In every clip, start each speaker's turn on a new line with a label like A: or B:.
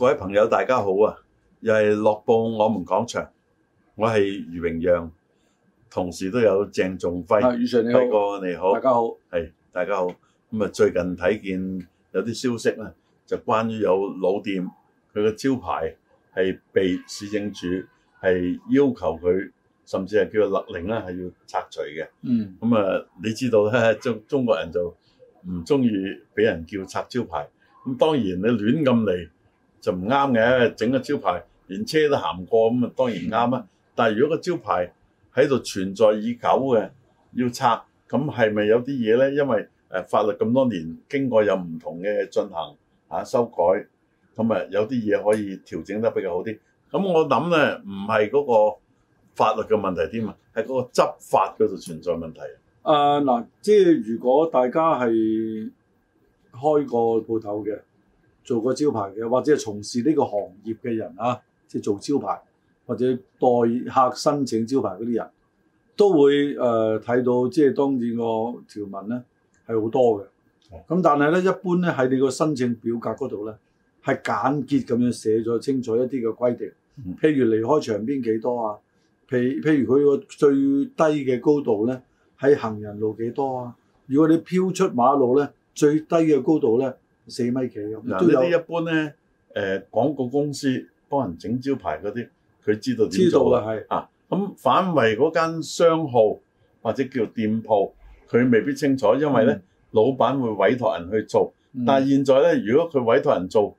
A: 各位朋友，大家好啊！又係樂報我們講場，我係余榮陽，同時都有鄭仲輝大、啊、哥你好，大家好，係大家好。咁啊，最近睇見有啲消息啦，就關於有老店佢個招牌係被市政處係要求佢，甚至係叫勒令啦，係要拆除嘅。嗯，咁啊，你知道咧，中中國人就唔中意俾人叫拆招牌。咁當然你亂咁嚟，就唔啱嘅，整個招牌連車都行過，咁啊當然啱啦。但係如果個招牌喺度存在已久嘅，要拆，咁係咪有啲嘢呢？因為、呃、法律咁多年經過有唔同嘅進行、啊、修改，咁啊有啲嘢可以調整得比較好啲。咁我諗呢，唔係嗰個法律嘅問題添啊，係嗰個執法嗰度存在問題。
B: 誒、呃、嗱，即係如果大家係開個鋪頭嘅。做個招牌嘅，或者係從事呢個行業嘅人啊，即係做招牌或者代客申請招牌嗰啲人，都會誒，睇到即係當然個條文咧係好多嘅。咁但係咧，一般咧喺你個申請表格嗰度咧係簡潔咁樣寫咗清楚一啲嘅規定。譬如離開牆邊幾多啊？譬譬如佢個最低嘅高度咧，喺行人路幾多啊？如果你飄出馬路咧，最低嘅高度咧。四米幾咁。嗱，呢啲一般咧，誒、呃、廣告公司幫人整招牌嗰啲，
A: 佢知道點做啦，係啊，咁、嗯、反為嗰間商號或者叫店鋪，佢未必清楚，因為咧、嗯，老闆會委託人去做。嗯、但係現在咧，如果佢委託人做，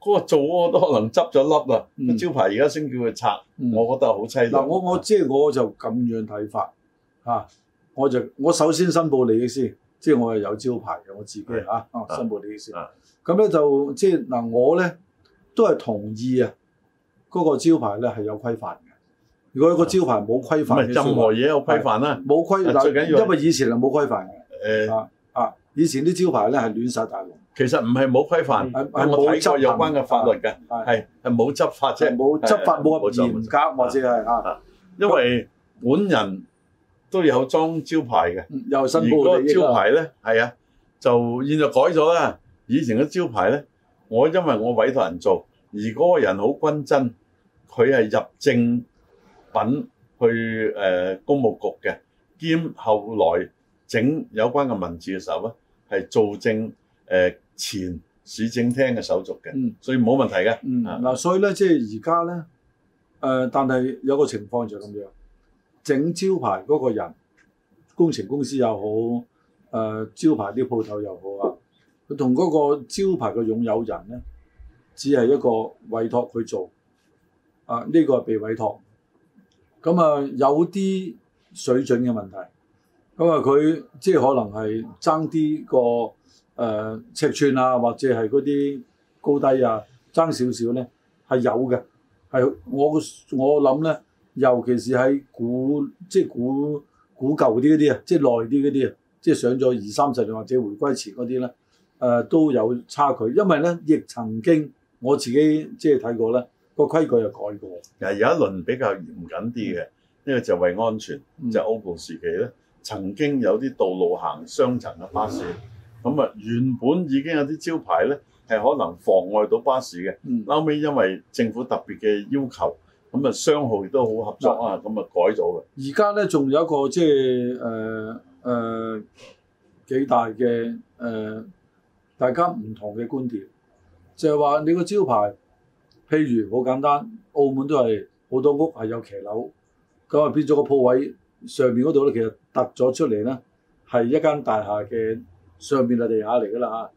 A: 嗰、那個做嗰都可能執咗笠啦，招牌而家先叫佢
B: 拆、嗯，我覺得好凄涼。嗱，我我即係我就咁樣睇法嚇，我就、啊、我，就我首先申報你嘅先。即係我係有招牌嘅，我自己嚇。哦，申、啊、報你意思。咁咧、啊啊、就即係嗱、啊，我咧都係同意啊。嗰、嗰個招牌咧係有規範嘅。如果嗰個招牌冇規範，任何嘢有規範啦。冇、啊規，啊、規，最緊要。因為以前係冇規範嘅。誒、呃、啊！以前啲招牌咧係亂曬大鑊。其實唔係冇規範，係冇執有關嘅法律嘅。係係冇執法啫。冇、啊、執法冇、啊啊啊、咁嚴
A: 格或者係嚇。因為本人。都要有裝招牌嘅，又新招牌咧，係啊，就現在改咗啦。以前嘅招牌咧，我因為我委託人做，而嗰個人好均真，佢係入政品去、呃、公務局嘅，兼後來整有關嘅文字嘅時候咧，係做正誒前
B: 市政廳嘅手續嘅、嗯，所以冇問題嘅。嗱、嗯嗯啊，所以咧即係而家咧誒，但係有個情況就咁樣。整招牌嗰個人，工程公司又好、呃，招牌啲鋪頭又好啊。佢同嗰個招牌嘅擁有人咧，只係一個委託去做，啊呢、呢個係被委託。咁啊，有啲水準嘅問題，咁啊佢即係可能係爭啲個誒、呃、尺寸啊，或者係嗰啲高低啊，爭少少咧係有嘅，係我我諗咧。尤其是喺古即係古古舊啲嗰啲啊，即係耐啲嗰啲啊，即係上咗二三十年或者回歸前嗰啲咧，誒、呃、都有差距。因為咧，亦曾經我自己即係睇過咧，個規矩又改過。誒有
A: 一輪比較嚴謹啲嘅，呢個就為安全，嗯、就歐、是、共時期咧，曾經有啲道路行雙層嘅巴士。咁、嗯、啊、嗯，原本已經有啲招牌咧係可能妨礙到巴士嘅、嗯，後尾因為政府特別嘅要求。咁啊，商號亦都好合作啊，咁啊改咗嘅。
B: 而家咧仲有一個即係誒誒幾大嘅誒、呃，大家唔同嘅觀點，就係話你個招牌，譬如好簡單，澳門都係好多屋係有騎樓，咁啊變咗個鋪位上面嗰度咧，其實凸咗出嚟咧，係一間大廈嘅上面。啊地下嚟㗎啦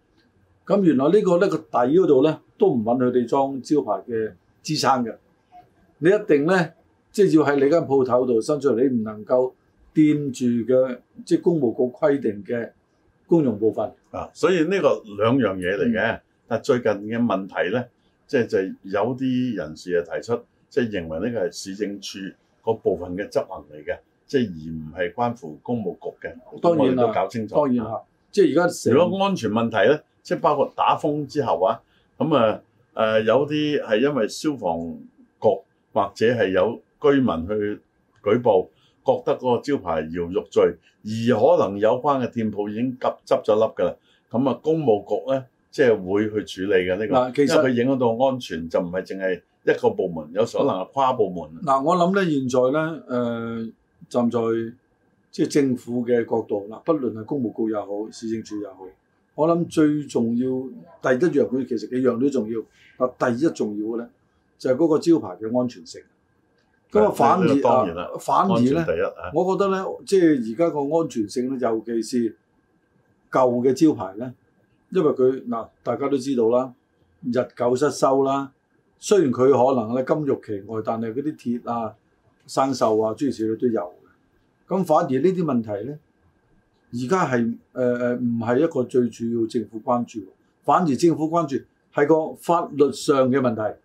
B: 嚇。咁原來呢個呢個底嗰度咧都唔允許哋裝招牌嘅支撐嘅。你一定咧，即係要喺你間鋪頭度伸出你唔能夠掂住嘅，即係公務局規定嘅公用部分。啊，
A: 所以呢個兩樣嘢嚟嘅。但最近嘅問題咧，即係就有啲人士又提出，即係認為呢個係市政處個部分嘅執行嚟嘅，即係而唔係關乎公務局嘅。當然啦、啊，當然啦、啊。即係而家成個安全問題咧，即係包括打風之後啊，咁啊誒、啊、有啲係因為消防局。或者係有居民去舉報，覺得嗰個招牌搖肉罪，而可能有關嘅店鋪已經執執咗笠㗎喇。咁啊，公務局咧，即係會去處理嘅呢個，其實為佢影響到安全，就唔係淨係一個部門，有可能係跨
B: 部門。嗱、嗯嗯嗯，我諗咧，現在咧，誒、呃，站在即係政府嘅角度，嗱，不論係公務局又好，市政署又好，我諗最重要第一樣，佢其實幾樣都重要。嗱，第一重要嘅咧。就係、是、嗰個招牌嘅安全性，咁啊，反而當然啦，反而咧，我覺得咧，即係而家個安全性咧，尤其是舊嘅招牌咧，因為佢嗱，大家都知道啦，日久失修啦。雖然佢可能咧金玉其外，但係嗰啲鐵啊、生鏽啊諸如此類都有嘅。咁反而呢啲問題咧，而家係誒誒唔係一個最主要政府關注，反而政府關注係個法律上嘅問題。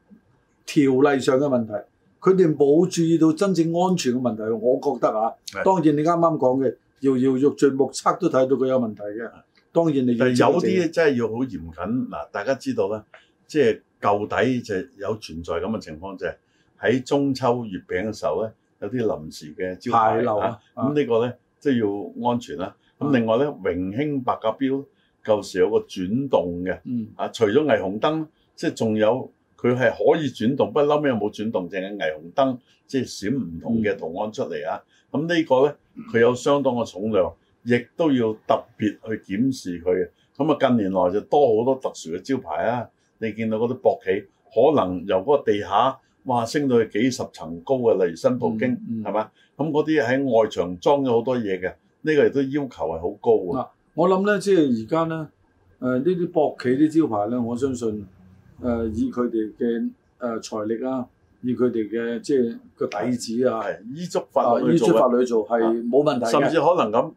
B: 條例上嘅問題，佢哋冇注意到真正安全嘅問題。我覺得啊，當然你啱啱講嘅，搖搖欲墜，目測都睇到佢有問題嘅。當然你剛剛的遙遙遙有
A: 啲真係要好嚴謹嗱，大家知道咧，即係舊底就有存在咁嘅情況，就係喺中秋月餅嘅時候咧，有啲臨時嘅招牌啊，咁呢個咧即係要安全啦、啊。咁另外咧、嗯，榮興白鴿標舊時有個轉動嘅、嗯，啊，除咗霓虹燈，即係仲有。佢係可以轉動，不嬲尾冇轉動，淨係霓虹燈即係閃唔同嘅圖案出嚟啊！咁、嗯、呢個咧，佢、嗯、有相當嘅重量，亦都要特別去檢視佢嘅。咁啊，近年來就多好多特殊嘅招牌啊！你見到嗰啲博企，可能由嗰個地下哇升到去幾十層高嘅，例如新葡京，係、嗯、嘛？咁嗰啲喺外牆裝咗好多嘢嘅，呢、呢個亦都
B: 要求係好高、嗯、我諗咧，即係而家咧，誒呢啲博企啲招牌咧，我相信、嗯。誒、呃、以佢哋嘅誒財力啊，以佢哋嘅即係個底子啊，依足法依足法律去做，係冇問題。甚至可能
A: 咁，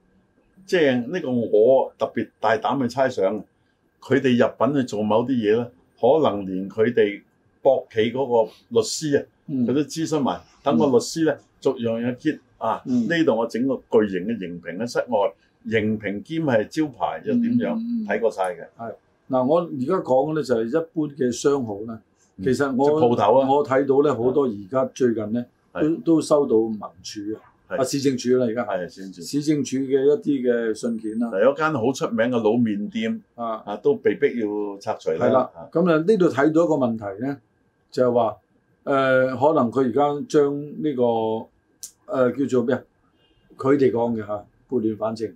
A: 即係呢個我特別大膽去猜想，佢哋入稟去做某啲嘢咧，可能連佢哋博企嗰個律師啊，佢、嗯、都諮詢埋。等個律師咧、嗯，逐一樣一揭啊，呢、嗯、度我整個巨型嘅熒屏咧，室
B: 外熒屏兼係招牌又點樣睇、嗯、過晒嘅。嗱、啊，我而家講嘅咧就係一般嘅商號咧，其實我、嗯、鋪頭啊，我睇到咧好多而家最近咧都都收到民署啊，啊市政署啦而家，市政署嘅一啲嘅信件啦，嚟咗間好出名嘅老麵店啊，啊都被逼要拆除啦。係啦，咁啊呢度睇到一個問題咧，就係話誒可能佢而家將呢、這個誒、呃、叫做咩啊？佢哋講嘅嚇，撥亂反正。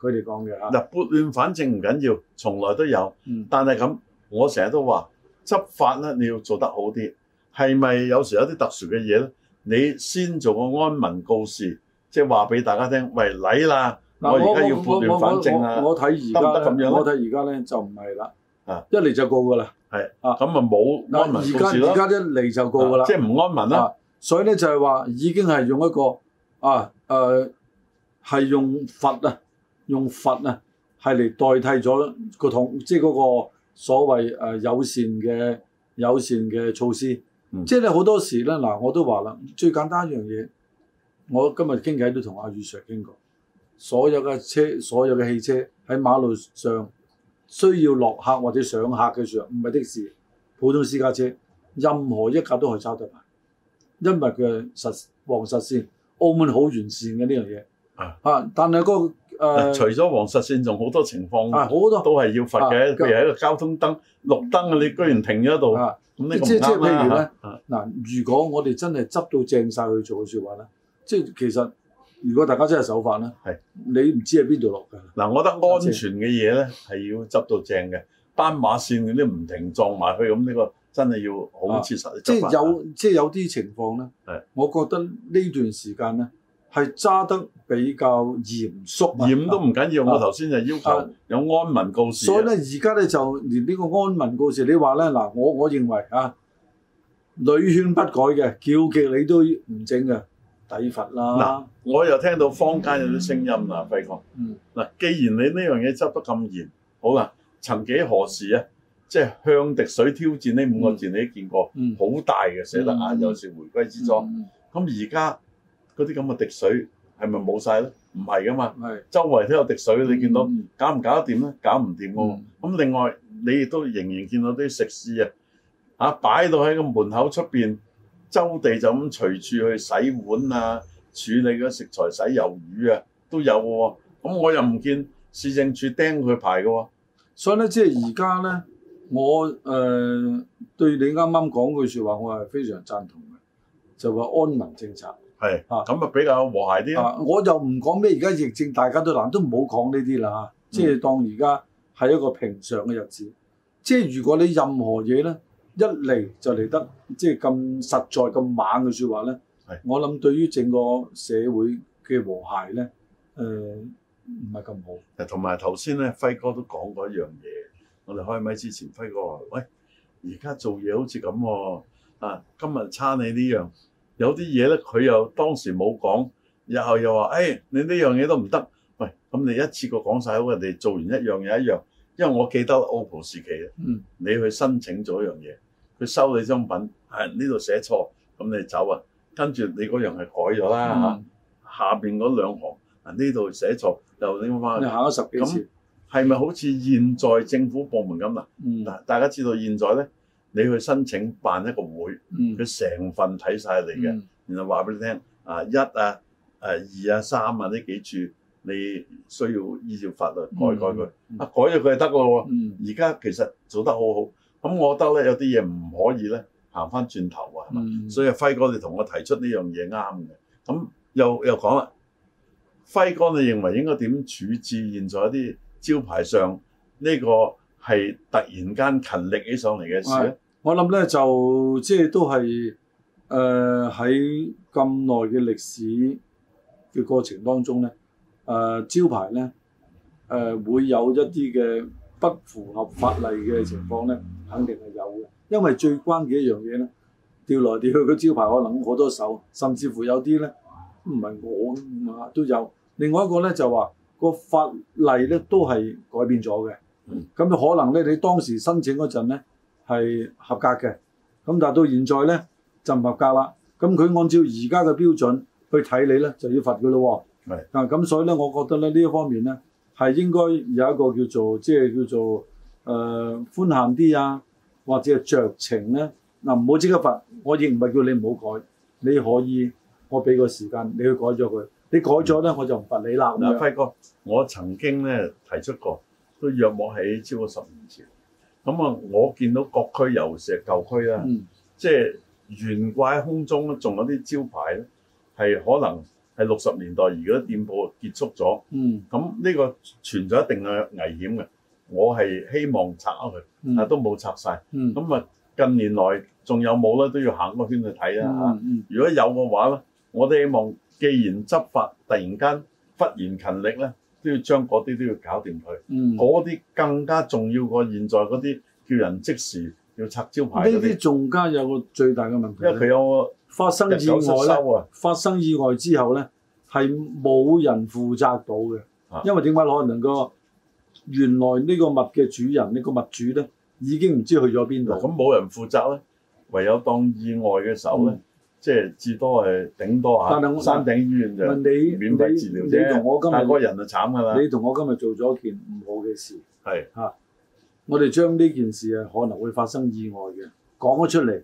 B: 佢哋講嘅嚇嗱，撥亂反正唔緊要，從來都有。嗯、但係咁，
A: 我成日都話執法咧，你要做得好啲。係咪有時有啲特殊嘅嘢咧？你先做個安民告示，即係話俾大家聽，喂，嚟啦、
B: 啊！我而家要撥亂反正啊！我睇而家咧，我睇而家咧就唔係啦。啊，一嚟就告㗎啦。係啊，咁啊冇安民告示咯。而家而家一嚟就告㗎啦、啊，即係唔安民啦、啊。所以咧就係話已經係用一個啊誒係、呃、用佛啊。用佛啊係嚟代替咗個同即係嗰個所謂誒友，呃、善嘅友善嘅措施。嗯、即係好多時咧嗱，我都話啦，最簡單的一樣嘢，我今日傾偈都同阿宇 Sir 傾過，所有嘅車，所有嘅汽車喺馬路上需要落客或者上客嘅時候，唔係的士、普通私家車，任何一架都可以揸得埋，因為佢係實黃實先。澳門好完善嘅呢樣嘢啊，但係嗰、嗰個。誒、uh,，除咗黃實線，仲好多情況，好、uh, 多都係要罰嘅。Uh, 譬如喺個交通燈、uh, 綠燈啊，你居然停咗度，咁、uh, 呢個唔啱啦。嗱、uh,，uh, 如果我哋真係執到正晒，去做嘅説話咧，即、uh, 係其實如果大家真係守法咧，uh, 你唔知喺邊度落㗎。嗱、uh,，我覺得安全嘅嘢咧係要執到正嘅，斑、uh, 馬線
A: 嗰啲唔停撞埋去咁，呢、uh, 個真係要
B: 好切實。即、uh, 係、啊就是、有，即、就、係、是、有啲情況咧。Uh, 我覺得呢段時間咧。係揸得比較嚴肅，嚴都唔緊要、啊。我頭先就要求有安民告示、啊啊。所以咧，而家咧就連呢個安民告示，你話咧嗱，我我認為嚇、啊，屢勸不改嘅，叫極你都唔整嘅，抵罰啦。嗱、啊，我又聽到坊間有啲聲音啦，
A: 費、嗯、哥。嗱、啊，既然你呢樣嘢執得咁嚴，好啦，曾幾何時啊？即係向滴水挑戰呢五個字，你都見過，好、嗯、大嘅寫得、嗯、啊，有時回歸之初。咁而家。啊嗯啊嗰啲咁嘅滴水係咪冇晒咧？唔係噶嘛，周圍都有滴水，你見到搞唔搞得掂咧？搞唔掂嘅喎。咁、嗯、另外你亦都仍然見到啲食肆啊，嚇擺到喺個門口出邊，周地就咁隨處去洗碗啊、處理啲食材、洗魷魚啊都有嘅、
B: 啊、喎。咁我又唔見市政署釘佢牌嘅喎。所以咧，即係而家咧，我誒、呃、對你啱啱講句説話，我係非常贊同嘅，就話、是、安民政策。係啊，咁啊比較和諧啲啦。我就唔講咩，而家疫症大家都難，都唔好講呢啲啦。即係當而家係一個平常嘅日子。即係如果你任何嘢咧一嚟就嚟得即係咁實在咁猛嘅說話咧，係我諗對於整個社會嘅和諧咧，誒唔係咁好。同埋頭先咧，輝哥都講過一樣嘢。我哋開咪之前，
A: 輝哥話，喂，而家做嘢好似咁啊，今日差你呢樣。有啲嘢咧，佢又當時冇講，日後又話：，誒、哎，你呢樣嘢都唔得，喂，咁你一次過講晒，好，人哋做完一樣又一樣。因為我記得 OPPO 時期、嗯、你去申請咗一樣嘢，佢收你商品，係呢度寫錯，咁你走啊，跟住你嗰樣係改咗啦、嗯、下面嗰兩行啊，呢度寫錯又拎返，你行咗十幾次，係咪好似現在政府部門咁嗱、啊？嗱、嗯，大家知道現在咧？你去申請辦一個會，佢、嗯、成份睇晒你嘅，然後話俾你聽啊一啊誒二啊三啊呢幾處你需要依照法律改改佢，啊、嗯嗯、改咗佢就得咯喎，而、嗯、家其實做得好好，咁我覺得咧有啲嘢唔可以咧行翻轉頭啊、嗯，係嘛，所以輝哥你同我提出呢樣嘢啱嘅，咁又又講啦，輝哥你認為應該點處置現在一啲招牌上呢、這個？係突然間勤力起上嚟嘅事
B: 咧，我諗咧就即係都係誒喺咁耐嘅歷史嘅過程當中咧，誒、呃、招牌咧誒、呃、會有一啲嘅不符合法例嘅情況咧，肯定係有嘅。因為最關鍵的一樣嘢咧，調來調去個招牌可能好多手，甚至乎有啲咧唔係我啊都有。另外一個咧就話、嗰個法例咧都係改變咗嘅。咁、嗯、可能咧，你當時申請嗰陣咧係合格嘅，咁但到現在咧就唔合格啦。咁佢按照而家嘅標準去睇你咧，就要罰佢咯，喎。咁、啊、所以咧，我覺得咧呢一方面咧係應該有一個叫做即係叫做誒寬限啲啊，或者係酌情咧嗱，唔好即刻罰。我亦唔係叫你唔好改，你可以我俾個時間你去改咗佢，你改咗咧我就唔罰你啦。啊、嗯，輝
A: 哥，我曾經咧提出過。都約莫喺超過十年前，咁啊，我見到各區尤其係舊區啦、嗯，即係懸掛喺空中，仲有啲招牌咧，係可能係六十年代，而家啲店鋪結束咗，咁、嗯、呢個存在一定嘅危險嘅。我係希望拆啊佢，但都冇拆晒。咁、嗯、啊，近年來仲有冇咧？都要行個圈去睇啦、嗯嗯、如果有嘅話咧，我哋希望既然執法，突然間忽然勤力咧。都要將嗰啲都要搞掂佢，嗰、嗯、啲更加重要過現在嗰啲叫人即時要拆
B: 招牌。呢啲仲加有個最大嘅問題咧，因為佢有發生意外咧、啊，發生意外之後咧係冇人負責到嘅、啊，因為點解可能、嗰個原來呢個物嘅主人呢、呢個物主咧已經唔知去咗邊度，咁、啊、冇人負責咧，唯有當意外嘅時候咧。嗯即係
A: 至多係頂多下，但係我山頂醫院就你免費治療啫。但係嗰個人就慘㗎啦。你同
B: 我今日做咗件唔好嘅事，係嚇、啊。我哋將呢件事誒可能會發生意外嘅講咗出嚟，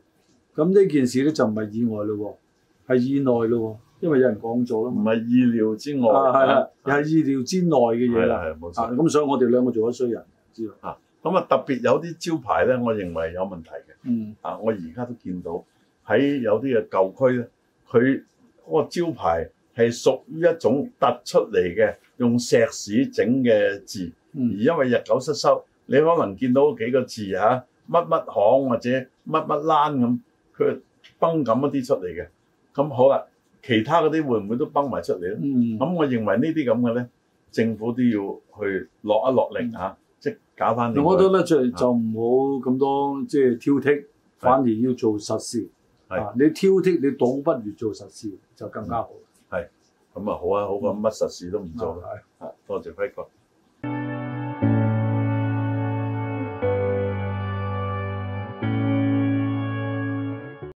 B: 咁呢件事咧就唔係意外咯，係意外咯，因為有人講咗啦。唔係意料之外，係係、啊啊啊、意料
A: 之內嘅嘢啦。係冇錯。咁、啊啊、所以我哋兩個做咗衰人，知道啊。咁啊特別有啲招牌咧，我認為有問題嘅。嗯。啊，我而家都見到。喺有啲嘅舊區咧，佢嗰個招牌係屬於一種突出嚟嘅，用石屎整嘅字、嗯，而因為日久失修，你可能見到幾個字嚇乜乜行或者乜乜欄咁，佢崩緊一啲出嚟嘅。咁好啦，其他嗰啲會唔會都崩埋出嚟咧？咁、嗯、我認為呢啲咁嘅咧，政府都要去落一落力嚇，即、嗯、係、啊就係、搞翻。我覺得
B: 咧就就唔好咁多即係挑剔、啊，反而要做實事。你挑剔，你倒不如做實事就更加好。係咁啊，好啊，好過乜、嗯、實事都唔做。啊，
A: 多謝輝哥。